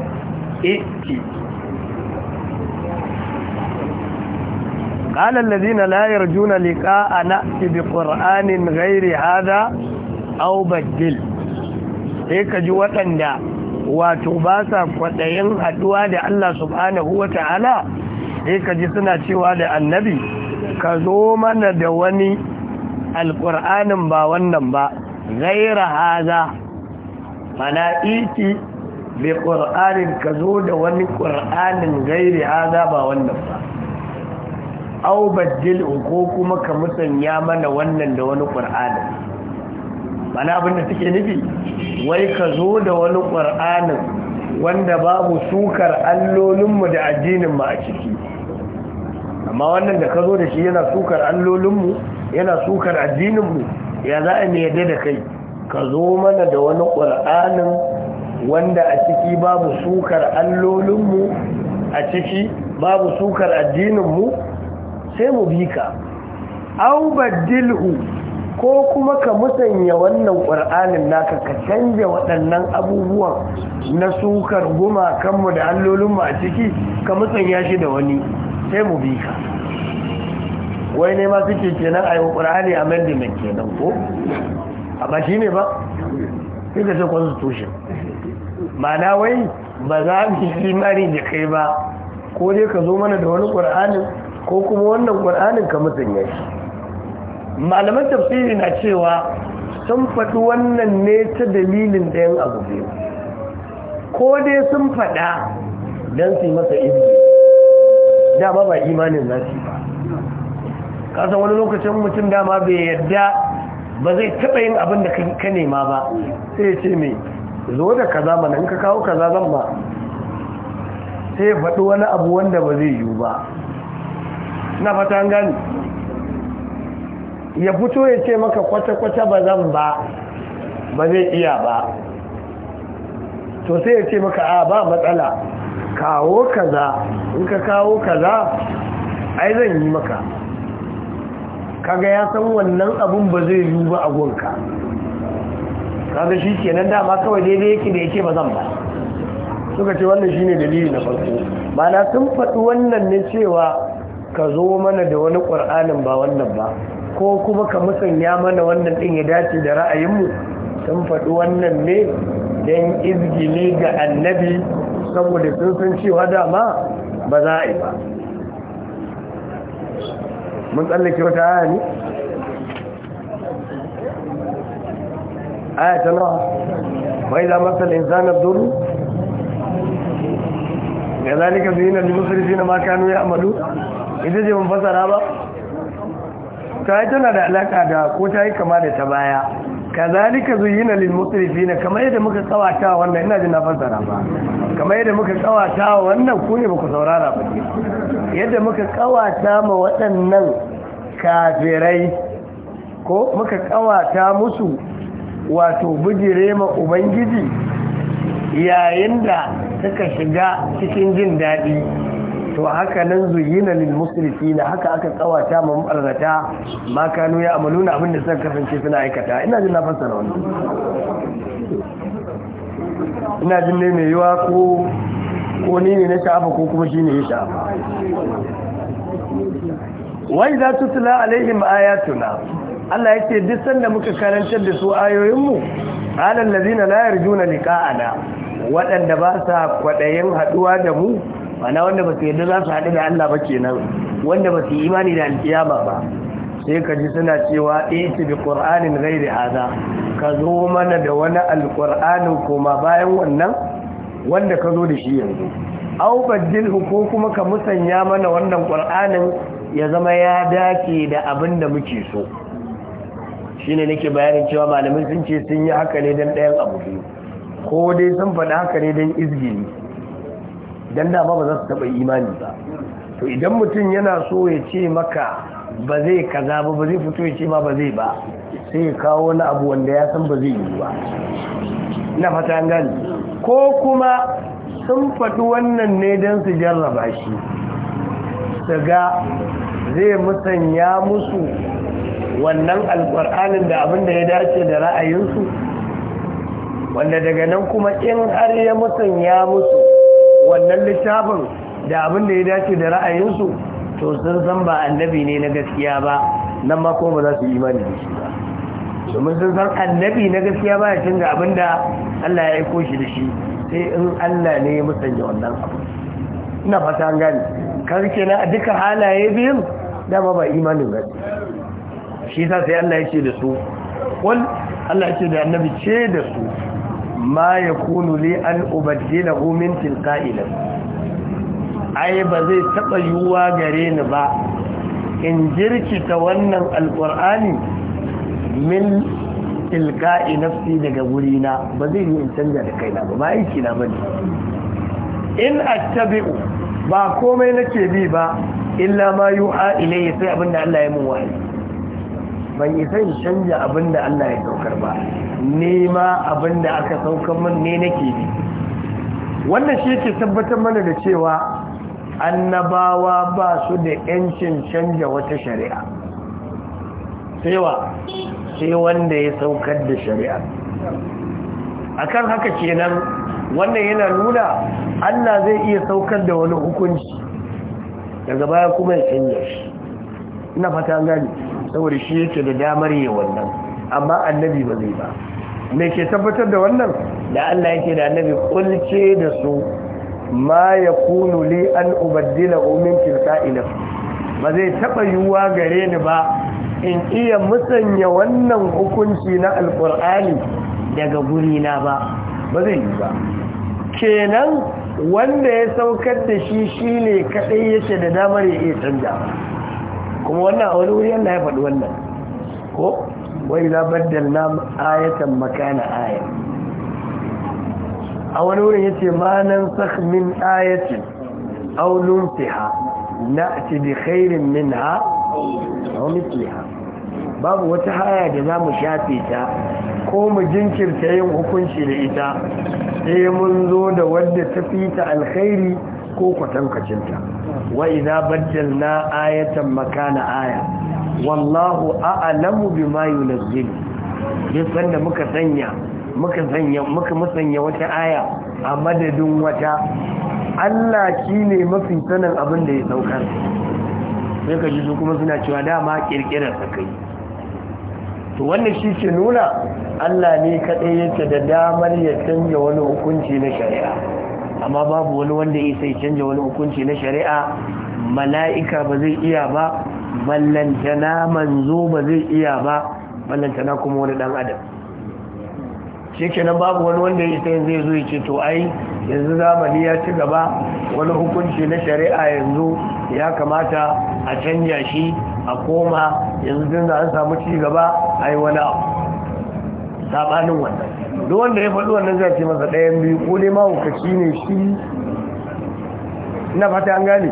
iki ƙanan da zina layar juna liƙa a na ibi ƙur'anin gairi haza aubaddil sai ka ji waɗanda wato ba sa kwaɗayin haɗuwa da allah subhanahu wa ta'ala sai ka ji suna cewa da annabi ka zo mana da wani alƙur'anin ba wannan ba gaira haza mana iti bi ƙur'anin ka zo da wani ƙur'anin gairi haza ba wannan ba au baddil ko kuma ka musanya mana wannan da wani ƙur'anin mana da suke nufi wai ka zo da wani ƙur'anin wanda babu sukar allolinmu da addinin mu a ciki amma wannan da ka zo da shi yana sukar allolinmu yana sukar addininmu ya za a yadda da kai ka zo mana da wani ƙwar'anin wanda a ciki babu sukar allolinmu a ciki babu sukar addininmu sai mu bi ka au ko kuma ka musanya wannan ƙwar'anin naka ka canja waɗannan abubuwan na sukar gumakanmu da allolinmu a ciki ka musanya shi da wani sai mu bi ka wai ne ma suke kenan a yi ƙur'ani amendment kenan ko amma shi ne ba sai ka ce constitution mana wai ba za mu yi da kai ba ko dai ka zo mana da wani ƙur'anin ko kuma wannan ƙur'anin ka ya shi malaman tafsiri na cewa sun faɗi wannan ne ta dalilin ɗayan abu biyu ko dai sun faɗa don su yi masa izini dama ba imanin za ba kasa wani lokacin mutum dama bai yadda ba zai taɓa yin abin da ka nema ba sai ya ce mai zo da kaza mana in ka kawo kaza zan ba sai ya faɗi wani abu wanda ba zai yiwu ba na fata an gani ya fito ya ce maka kwata-kwata ba zan ba ba zai iya ba to sai ya ce maka a ba matsala kawo kaza in ka kawo kaza ai zan yi maka kaga ya san wannan abun ba zai yi ba a gonka kaga shi ke kenan dama kawai daidai yake da yake ba zan ba suka ce wannan shine dalili na farko ba na sun faɗi wannan ne cewa ka zo mana da wani ƙur'anin ba wannan ba ko kuma ka musanya mana wannan ɗin ya dace da ra'ayinmu sun faɗi wannan ne don izgili ga annabi saboda sun san cewa dama ba za a yi ba mun tsallake wata aya ne aya ta nawa Mai za masa insanar duru ga zalika zai na limusar zai na makanu ya amadu ita ce mun fasara ba ta yi tana da alaka da ko ta yi kama da ta baya ka zalika zai yi na limusar zai na kamar yadda muka tsawata wannan ina jin na fasara ba kamar yadda muka kawata wa wannan ku ba muku saurara ba ke yadda muka kawata ma waɗannan kafirai ko muka kawata musu wato bujire ma ubangiji yayin da suka shiga cikin jin daɗi to haka nan zuyina lil musrifi na haka aka kawata ma mu'arzata ma kanu ya amaluna abinda suka kasance suna aikata ina jin na fassara wannan ina jin ne mai yiwa ko ko ni ne na shafa ko kuma shi ne ya shafa wai za su tula alaihim ayatuna Allah yake duk sanda muka karantar da su mu alal ladina la yarjuna liqa'ana waɗanda ba sa kwaɗayin haɗuwa da mu mana wanda ba su yarda za su haɗu da Allah ba kenan wanda ba su imani da alkiyama ba sai ka ji suna cewa iti bi qur'anin gairi hada ka zo mana da wani alqur'anin kuma bayan wannan wanda ka zo da shi yanzu aw ko kuma ka musanya mana wannan qur'anin ya zama ya dace da abin da muke so shine nake bayanin cewa malamin sun ce sun yi haka ne dan ɗayan abu biyu ko dai sun faɗi haka ne dan izgini dan dama ba za su taɓa imani ba to idan mutum yana so ya ce maka ba zai kaza ba ba zai fito ya ce ba ba zai ba sai ya kawo wani abu wanda ya san ba zai yi ba na fata gani ko kuma sun faɗi wannan ne don su jarraba shi su zai musanya musu wannan alƙur'anin da abin da ya dace da ra'ayinsu wanda daga nan kuma in har ya musanya musu wannan littafin da abin da ya dace da ra'ayinsu to sun san ba annabi ne na gaskiya ba nan ma kuma ba za su yi imani da shi ba domin sun san annabi na gaskiya ba ya canza abin da Allah ya aiko shi da shi sai in Allah ne ya musanya wannan abu ina fata an gani kan ke a duka halaye biyun dama ba imanin ba shi sa sai Allah ya ce da su wal Allah ya ce da annabi ce da su ma yakunu li an ubaddila min tilqa'ilati ai ba zai taɓa yiwuwa gare ni ba in jirkita wannan alƙur'ani min ilka'i nafsi daga wurina ba zai yi in canja da kaina ba ba aiki na ba ne in attabi'u ba komai nake bi ba illa ma yuha ilayya sai abinda Allah ya mun wahayi ban isa in canja abinda Allah ya saukar ba ni ma abinda aka saukar min ne nake bi wannan shi yake tabbatar mana da cewa annabawa ba su da yancin canja wata shari'a sai wanda ya saukar da shari'a akan haka kenan wannan yana nuna Allah zai iya saukar da wani hukunci daga baya kuma ya canja shi ina fata gani saboda shi yake da damar yi wannan amma annabi ba zai ba me ke tabbatar da wannan da Allah yake da annabi kulce da su ma ya kunu li an ubaddila umin tilka ba zai taɓa yiwuwa gare ni ba in iya musanya wannan hukunci na alƙur'ani daga gurina ba ba zai yi ba kenan wanda ya saukar da shi shi ne kaɗai yake da damar ya iya canja kuma wannan a wani wuri Allah ya faɗi wannan ko wai labar da na ayatan makana ayat a wani wurin yace ce nan sakh min ayatin aw nunsiha na'ti bi khairin minha aw fiha babu wata haya da za mu shafe ta ko mu jinkirta yin hukunci da ita sai mun zo da wadda ta fi ta alkhairi ko kwatankacinta wa idza na ayatan makana aya wallahu a'lamu bima yunzilu duk sanda muka sanya muka sanya muka musanya wata aya a madadin wata Allah shi ne mafi sanin abin da ya saukar sai ka ji su kuma suna cewa dama kirkirar ta kai to wannan shi ke nuna Allah ne kaɗai yake da damar ya canja wani hukunci na shari'a amma babu wani wanda ya sai canja wani hukunci na shari'a mala'ika ba zai iya ba ballantana manzo ba zai iya ba ballantana kuma wani dan adam shikenan babu wani wanda ya ita zai zo ya ce to ai yanzu zamani ya ci gaba wani hukunci na shari'a yanzu ya kamata a canja shi a koma yanzu din da an samu ci gaba ai wani abu sabanin wannan duk wanda ya faɗi wannan zai ce masa ɗayan biyu ko dai ma hukaci ne shi na fata an gane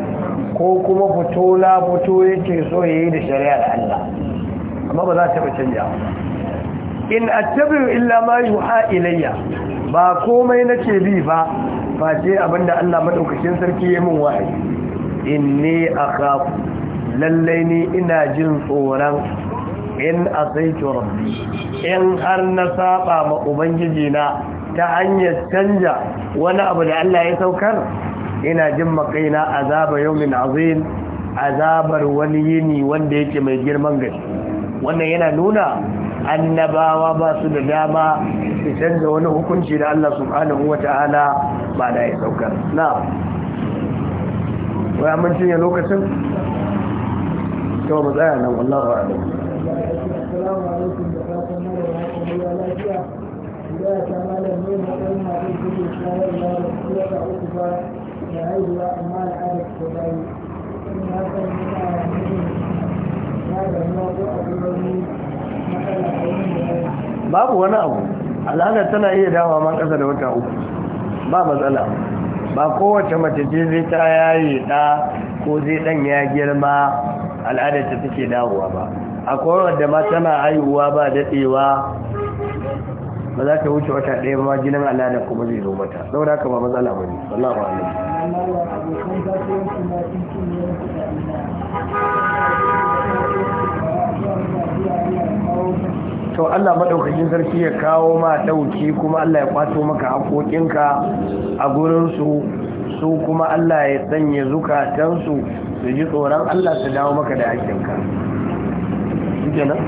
ko kuma fito la fito yake so ya yi da shari'ar Allah amma ba za ta taɓa canja ba in attabi'u illa ma yuha ilayya ba komai nake bi ba face abinda Allah madaukakin sarki ya min wahayi inni akhafu lallai ni ina jin tsoron in asaitu rabbi in har na saba ma ubangiji na ta hanyar canja wani abu da Allah ya saukar ina jin makaina azaba yawmin azim azabar wani yini wanda yake mai girman gaske wannan yana nuna annabawa ba su da dama su canza wani hukunci da Allah subhanahu ta'ala ba da ya saukar na wai mun lokacin kawai matsaya nan wallahu a'lam assalamu alaikum ya ta da da da uku ba da haihuwa amma da ko babu wani abu al'adar tana iya dawa man ƙasa da wata uku ba matsala ba kowace mace ce zai ta yayi da ko zai dan ya girma al'adar ta take dawowa ba a kowar da ma tana haihuwa ba daɗewa ba za ta wuce wata ɗaya ba jinin al'adar kuma zai zo mata saboda haka ba matsala ba ne wallahu a'lam to Allah madaukakin sarki ya kawo ma dauki kuma Allah ya kwato maka haƙoƙinka a gurin su su kuma Allah ya sanya zukatan su su ji tsoron Allah su dawo maka da hakinka kenan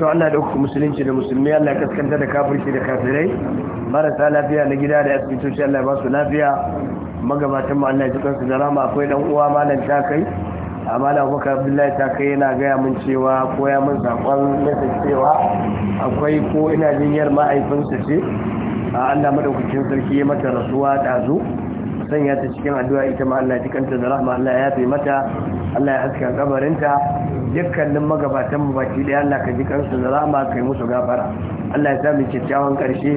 to Allah da musulunci da musulmi Allah ya kaskanta da kafirci da kafirai marasa lafiya na gida da asibitoci Allah ya ba su lafiya magabatan mu Allah ya ji kansu da rama akwai dan uwa malam ta kai amma da abubakar abdullahi ta kai yana gaya min cewa ko ya min sakon message cewa akwai ko ina jinyar ma'aifinsa ce a da madaukakin sarki mata rasuwa ɗazu sanya ta cikin addu'a ita ma Allah ya kanta da rahma Allah ya yafe mata Allah ya haska kabarinta dukkanin magabatan mu baki da Allah ka ji kansu da rahma kai musu gafara Allah ya sami kyakkyawan karshe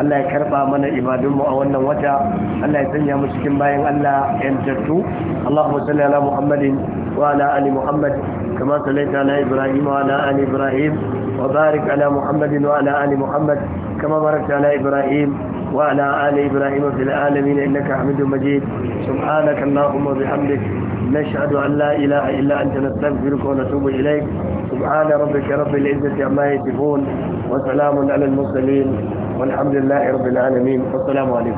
Allah ya karba mana ibadun mu a wannan wata Allah ya sanya mu cikin bayan Allah tattu Allahumma salli ala Muhammadin wa ala ali Muhammad kama sallaita ala Ibrahim wa ala ali Ibrahim wa barik ala Muhammadin wa ala ali Muhammad kama barakta ala Ibrahim وعلى آل إبراهيم في العالمين إنك حميد مجيد سبحانك اللهم وبحمدك نشهد أن لا إله إلا أنت نستغفرك ونتوب إليك سبحان ربك رب العزة عما يصفون وسلام على المرسلين والحمد لله رب العالمين والسلام عليكم